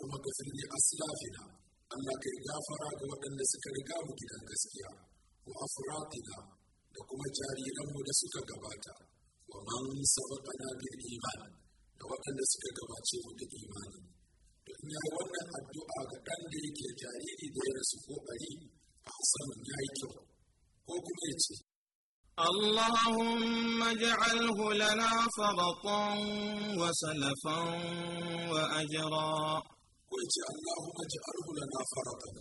اللهم اغفر لأسلافنا Allah kai gafara ga waɗanda suka riga mu gidan gaskiya wa afratina da kuma jariranmu da suka gabata wa man sabaqana bil iman da waɗanda suka gabace mu da imani to in ya wannan addu'a ga ɗan da yake jariri da ya rasu ko bari a hasanin yayi kyau ko kuma ya ce اللهم اجعله لنا فرطا وسلفا وأجرا ko ya ce Allahumma ij'alhu lana faradan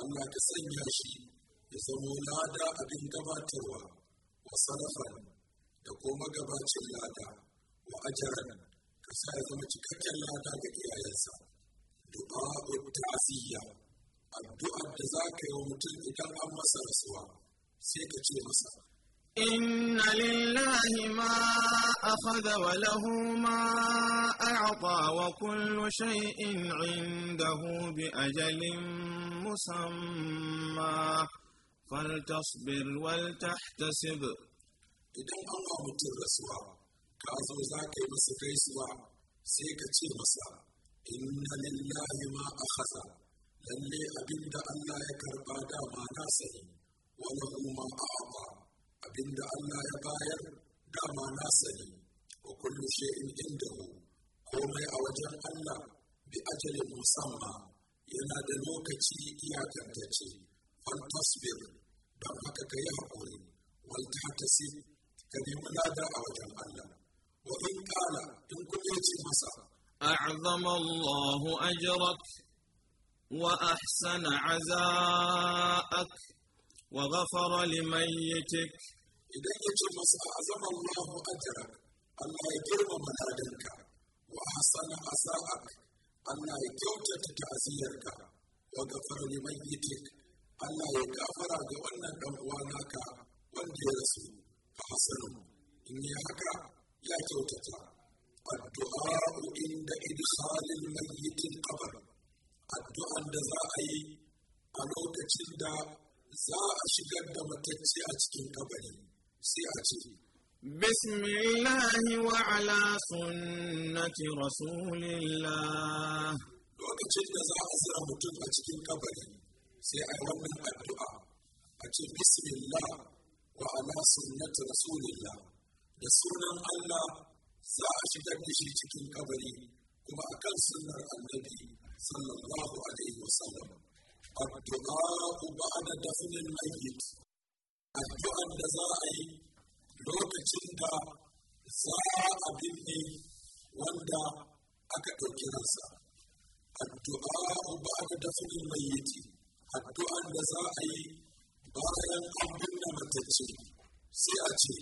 Allah ka sanya shi ya zamo lada abin gabatarwa wa sarafan da kuma gabacin lada wa ajaran ka sa ya zama cikakken lada ga iyayensa du'a ta'ziya addu'ar da za ka yi wa mutum idan an masa rasuwa sai ka ce masa إن لله ما أخذ وله ما أعطى وكل شيء عنده بأجل مسمى فلتصبر ولتحتسب إذن الله ترسوا كاثر ذاك مسكيسوا سيك تيرسا إن لله ما أخذ للي أبند أن لا يكربادا ما ناسه وله ما أعطى عند الله يا باير دام ناسني وكل شيء عنده قوم يا وجه الله بأجل مسمى ينادى الوكتي يا كنتتي فلتصبر بركك يا قوي ولتحتسب كبي منادى أوجه الله وإن قال إن كنت مسا أعظم الله أجرك وأحسن عزاءك وغفر لميتك idan ya ce masa azama Allahu ajrak Allah ya girmama ladanka wa hasana asa'ak Allah ya kyautata ta'aziyarka wa ghafara liman yatik Allah ya gafara ga wannan dan uwa naka wanda ya rasu fa hasanu in ya haka ya kyautata addu'a inda idkhalil mayyit qabr addu'an da za a yi a lokacin da za a shigar da matacce a cikin kabari بسم الله وعلى سنة رسول الله لأن تجد نزع أسرى متن أتكين كبري سيأرم من الدعاء أتي بسم الله وعلى سنة رسول الله لسنة الله سأشد بشي تكين كبري كما أكل سنة النبي صلى الله عليه وسلم الدعاء بعد دفن الميت addu'ar da za a yi lokacin da za a binne wanda aka ɗauki ransa addu'a ba da dafinin mayyiti addu'ar da za a yi bayan an binne matacce sai a ce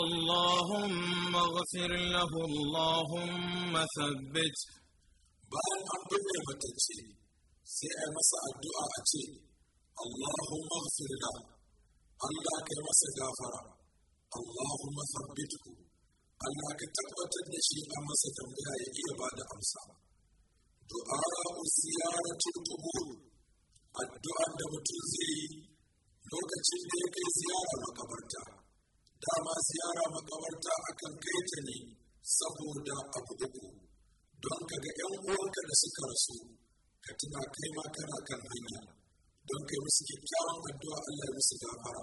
اللهم اغفر له اللهم ثبت bayan an binne matacce sai a masa addu'a a ce Allahumma ghfir lahu Allah kai masa gafara Allahumma thabbithu Allah ka tabbatar da shi a masa tambaya ya iya ba da amsa du'a ziyaratul qubur addu'a da mutum zai yi lokacin da ya kai ziyara makabarta dama ziyara makabarta akan kai ta ne saboda abu uku don kaga yan uwanka da suka rasu ka tuna kai ma kana kan hanya don kai musu kyakkyawan addu'a Allah ya musu gafara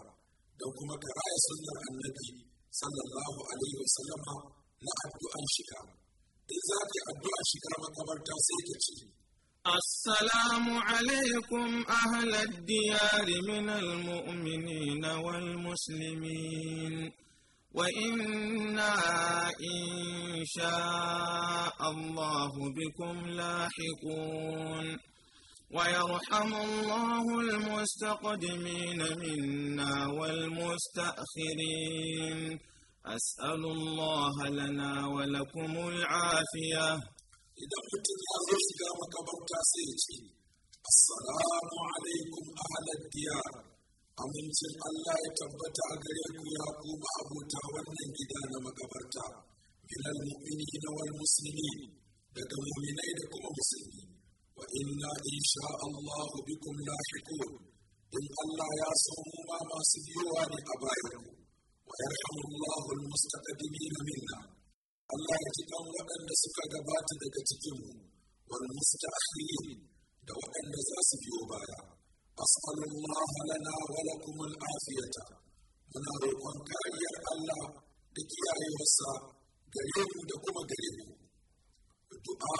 don kuma ka raya sunnar annabi sallallahu alaihi wa sallama na addu'an shiga in za ka addu'a shiga makabarta sai ka ce السلام عليكم أهل الديار من المؤمنين والمسلمين وإنا إن شاء الله بكم لاحقون ويرحم الله المستقدمين منا والمستأخرين أسأل الله لنا ولكم العافية إذا قلت السلام عليكم أهل الديار أمن تن الله تبت تبتع يا قوم أبو إذا جدان مكبرتا من المؤمنين والمسلمين لكم من أيدكم المسلمين وإنا إن شاء الله بكم لاحقون إن الله يعصم ما ما سديوان أبايكم ويرحم الله المستقدمين منا الله يتكون وأن سكا قبات دكتكم والمستأخرين دو أن ساسديو بايا أسأل الله لنا ولكم العافية من roƙon kariyar Allah da kiyayewarsa gare mu da kuma gare mu. Du'a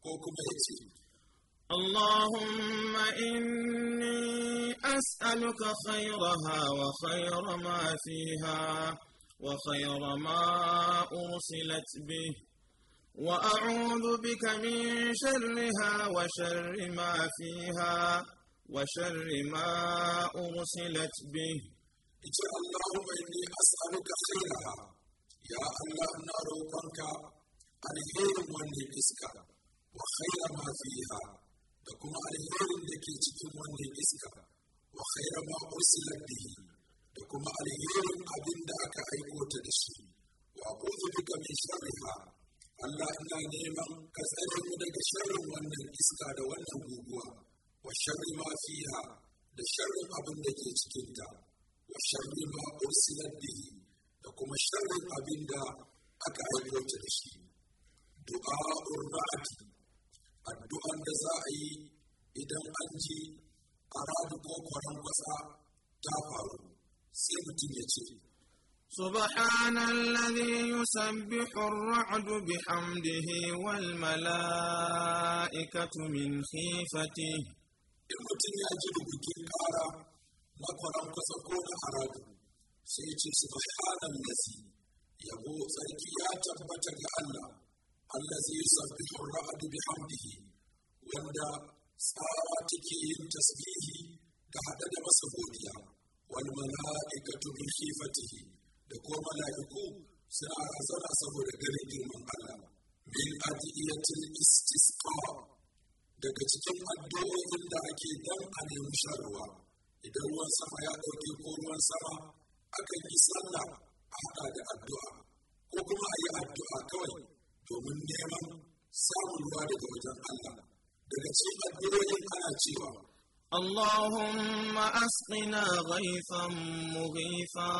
اللهم إني أسألك خيرها وخير ما فيها وخير ما أرسلت به وأعوذ بك من شرها وشر ما فيها وشر ما أرسلت به اللهم إني أسألك خيرها يا الله أنا روحك الخير والنبسك وخير ما فيها لكم الهير لكي تكون إسكا وخير ما أرسلت به لكم الهير أبن داك أيكو تدشي وأعوذ بك من شرها Allah ina neman ka tsare mu daga sharrin wannan iska da wannan guguwa wa sharri ma fiha da sharrin abin da ke cikinta wa sharri ma ursilat bihi da kuma sharrin abin da aka aiko ta da shi du'a urra'ati addu'an da za a yi idan an ji aradu ko kwaran wasa ta faru sai mutum ya ce سبحان الذي يسبح الرعد بحمده والملائكة من خيفته المتن يجد بكين قارا نقرا كسكون أراد سيتي سبحان الذي يبو سيكي يا تبتك الله الذي يسبح الرعد بحمده wanda tsawa take yin tasbihi ta haɗa da masa godiya wal mala'ikatu bi khifatihi da ko mala'iku suna razana saboda ganin girman Allah min adiyatil istisqa daga cikin addu'o'in da ake dan a nemi sharwa idan ruwan sama ya ɗauke ko ruwan sama akan yi sallah a haɗa da addu'a ko kuma a yi addu'a kawai domin neman samun ruwa daga wajen Allah daga cikin addu'o'in ana cewa اللهم أسقنا غيثا مغيثا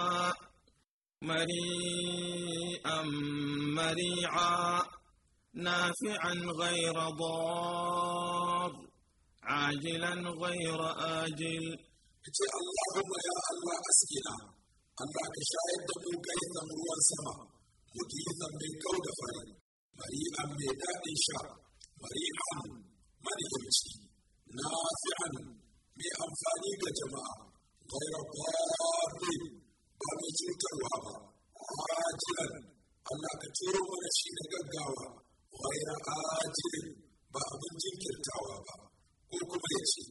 مريئا مريعا نافعا غير ضار عاجلا غير آجل اللهم يا الله أسقنا الله كشاهد غيثا روى سما مغيثا من كود بريئا من داء شر بريئا مريمتي نافعا mai amfani ga jama'a غير ضار ba mai cutarwa ba ajilan Allah ka turo mana shi da gaggawa غير آجل ba abin jinkirtawa ba ko kuma ya ce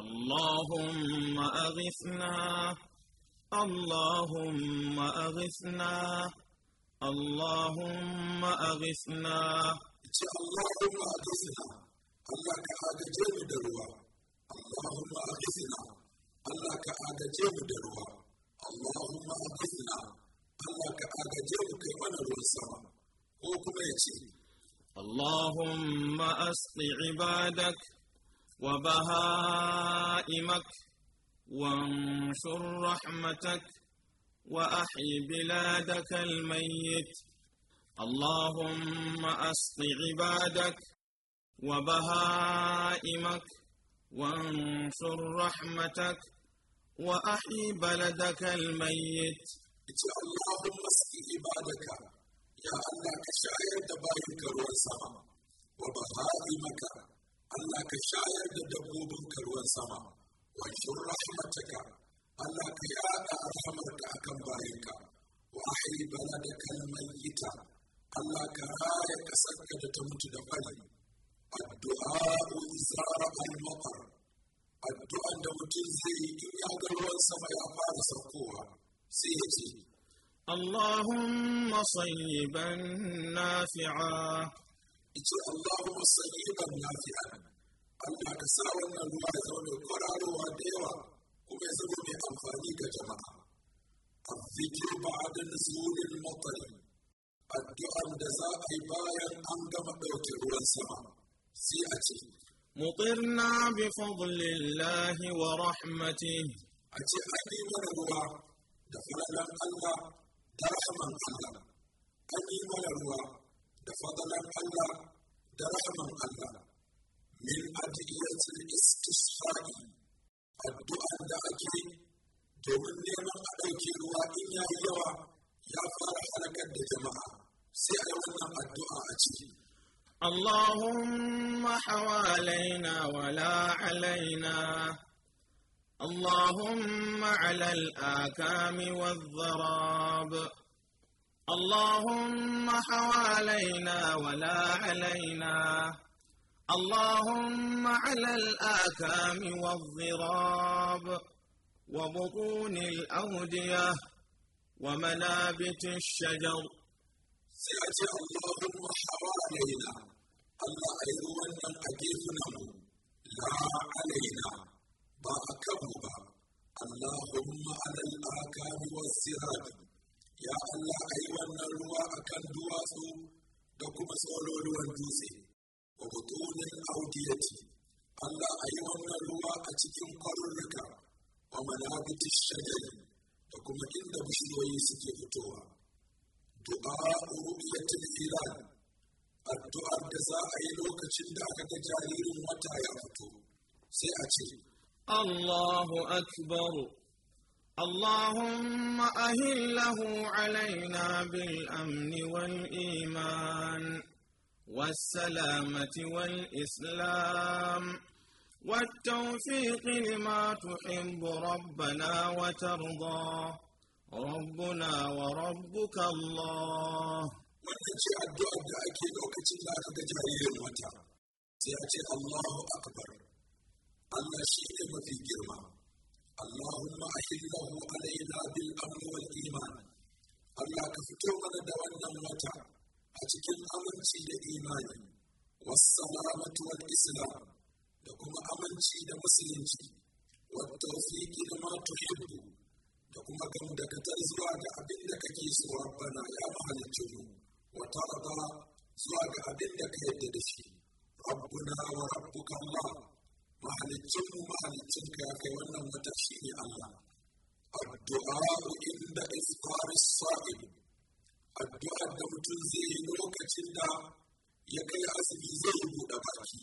اللهم أغثنا اللهم أغثنا اللهم أغثنا اللهم أغثنا الله كأجاجي دروا اللهم أغثنا الله كأجاجي دروا اللهم أغثنا الله كأجاجي مكيوانا الوسام وكما يتي اللهم أسق عبادك وبهائمك وانشر رحمتك وأحي بلادك الميت اللهم أسق عبادك وبهائمك وانصر رحمتك وأحي بلدك الميت اللهم اسق عبادك يا الله كشاير دبايك ruwan وبهائمك الله كشاير دبوبك ka shayar رحمتك Allah ka yaɗa alhamarka a kan bayanka wa ahyi baladaka almayyita Allah ka raya ƙasarka da ta mutu da fari addu'a izara al-maqar addu'an da mutum zai yi in ya ga ruwan sama ya fara saukowa sai ya ce اللهم صيبا نافعا إتي اللهم صيبا نافعا الله كسا wannan ruwa ya zaune kwararowa da yawa kuma ya يفانيك جماعة الذكر بعد نزول المطر الدعاء جزاء بايا أنقم دوك والسماء sama مطرنا بفضل الله ورحمته أتي أني ونروى دفل الله درحما الله أني ونروى دفضل الله درحما الله من أدعية الاستشفاء الدعاء دعكي domin neman a ɗauke ruwa in ya yi yawa ya fara halakar da jama'a sai a yi wannan addu'a a ciki اللهم حوالينا ولا علينا اللهم على الآكام والضراب اللهم حوالينا ولا علينا اللهم على الآكام والضراب وبطون الأودية ومنابت الشجر سيأتي اللهم حوالينا الله أيضا أجيبنا لا علينا باكبوبا اللهم على الآكام والسراد يا الله أيضاً الروا أكن دواسو دكما سولو ruwan وبطون الأودية الله أيضاً Allah a yi ومنابتشجر تكون كندا بشوي ستيفتوها دعاء رؤية الهلال الدعاء الجزاء إلوك شندك تجاهل متى يفتو سيأتي الله أكبر اللهم أهله علينا بالأمن والإيمان والسلامة والإسلام والتوفيق لما تحب ربنا وترضى ربنا وربك الله وتجي الدعاء كي لو كتلا تجاهي الوتا سيأتي الله أكبر الله شيء في جرما اللهم أحله علينا بالأمر والإيمان الله كفتو من دوان الوتا أتكي الأمر في الإيمان والسلامة والإسلام da kuma aminci da musulunci wata rufiki da ma tuhibbu da kuma gamu da katar zuwa ga abin da kake so rabbana ya mahalicin mu wata raba zuwa ga abin da ka yadda da shi rabbuna wa rabbuka Allah mahalicin mu mahalicin ka ya kai wannan wata shi ne Allah addu'a inda isfar sa'ib addu'a da mutum zai yi lokacin da ya kai asibi zai buɗe baki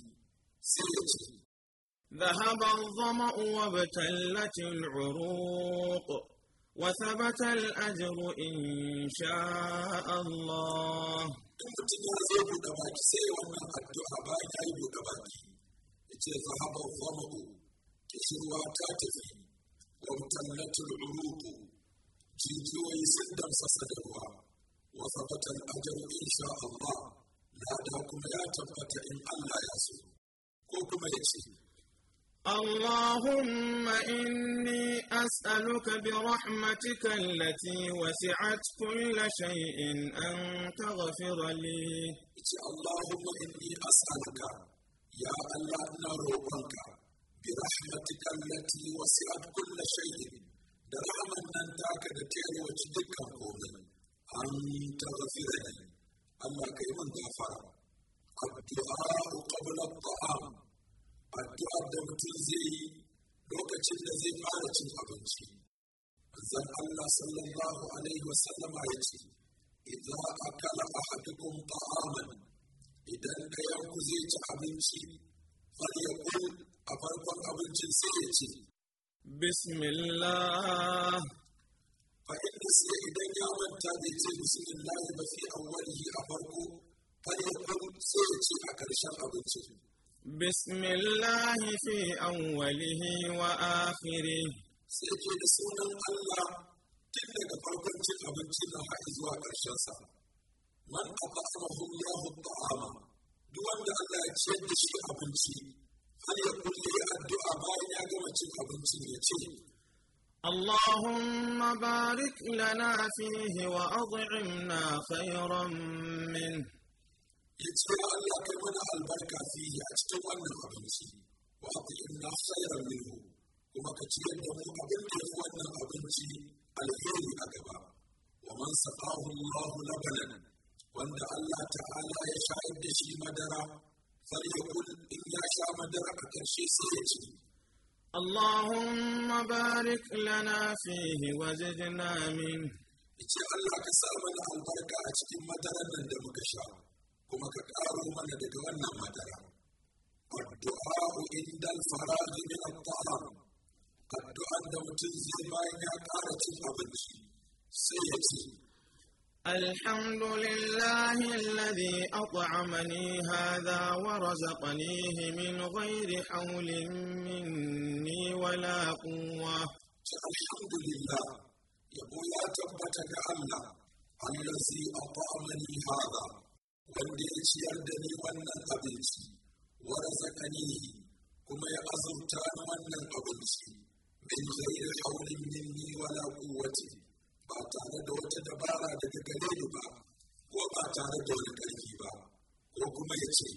ذهب الظمأ وابتلت العروق وثبت الأجر إن شاء الله ذهب الظمأ كسروا تاتفي وابتلت العروق وثبت الأجر إن شاء الله لا داكم لا تبقى إن الله اللهم إني أسألك برحمتك التي وسعت كل شيء أن تغفر لي اللهم إني أسألك يا الله نروبك برحمتك التي وسعت كل شيء درحما ننتاك دتير وجدك قومي أن تغفر لي الله كيما غفر الدعاء قبل الطعام الدعاء da mutum zai yi lokacin da zai fara cin abinci zan Allah sallallahu alaihi wasallama ya ce idza akala ahadukum ta'aman idan ɗayan ku zai ci abinci falyakul a farkon abincin sai ya ce bismillah fa inda sai idan ya manta da ce bismillah ba fi awwalihi a farko بسم الله في أوله وآخره من أقصرهم الله الطعام دون أن لا يتشد شيء أبنتي هل يقول لي الدعاء بين أدوة أبنتي يتشد اللهم بارك لنا فيه وأضعمنا خيرا منه يتسوى الله كمنع البركة فيه أتتوى أنه أبنسي وأطيع الناس سيرا منه وما كتير أنه أبنتي هو أنه أبنسي الغير أكبر ومن سقاه الله لبنا وأن الله تعالى يشاهد شيء مدرة فليقل إن يشاء مدرة كشي سيتي اللهم بارك لنا فيه وزدنا منه إتي الله كسامنا البركة أتتم مدرة من دمك شاء kuma ka ƙaro mana daga wannan madara addu'a'u inda al-faraji min at-ta'am addu'an da mutum zai bayan ya ƙara cin abinci sai ya ce الحمد لله الذي أطعمني هذا ورزقنيه من غير حول مني ولا قوة الحمد لله يقول يا تبتك الله الذي أطعمني هذا wanda ya ciyar da ni wannan abinci wa razaqanihi kuma ya azurta ni wannan abinci min ghairi hawlin minni wala quwwati ba tare da wata dabara daga gare ni ba ko ba tare da wani ƙarfi ba ko kuma ya ce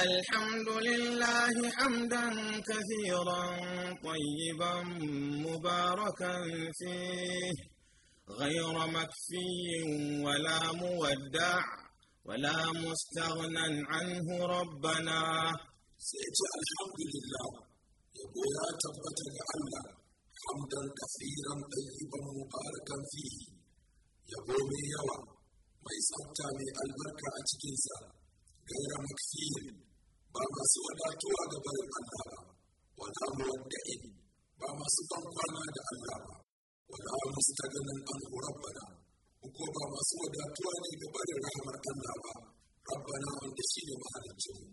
الحمد لله حمدا كثيرا طيبا مباركا فيه غير مكفي ولا مودع ولا مستغنى عنه ربنا سيتي الحمد لله يقول يا تبت الله حمدا كثيرا طيبا مباركا فيه يقول يوا ما يسبت من البركة أتكنسا غير مكثير بما سودا توا قبل الله ولا مودع بما سودا قانا الله ولا مستغنى عنه ربنا ko ba masu wadatuwa ne ga barin rahamar Allah ba rabbana wanda shi ne mahaliccin mu